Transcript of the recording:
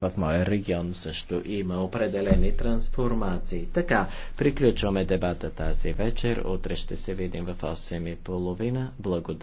в моя регион също има определени трансформации. Така, приключваме дебата тази вечер. Утре ще се видим в 8.30. Благодаря.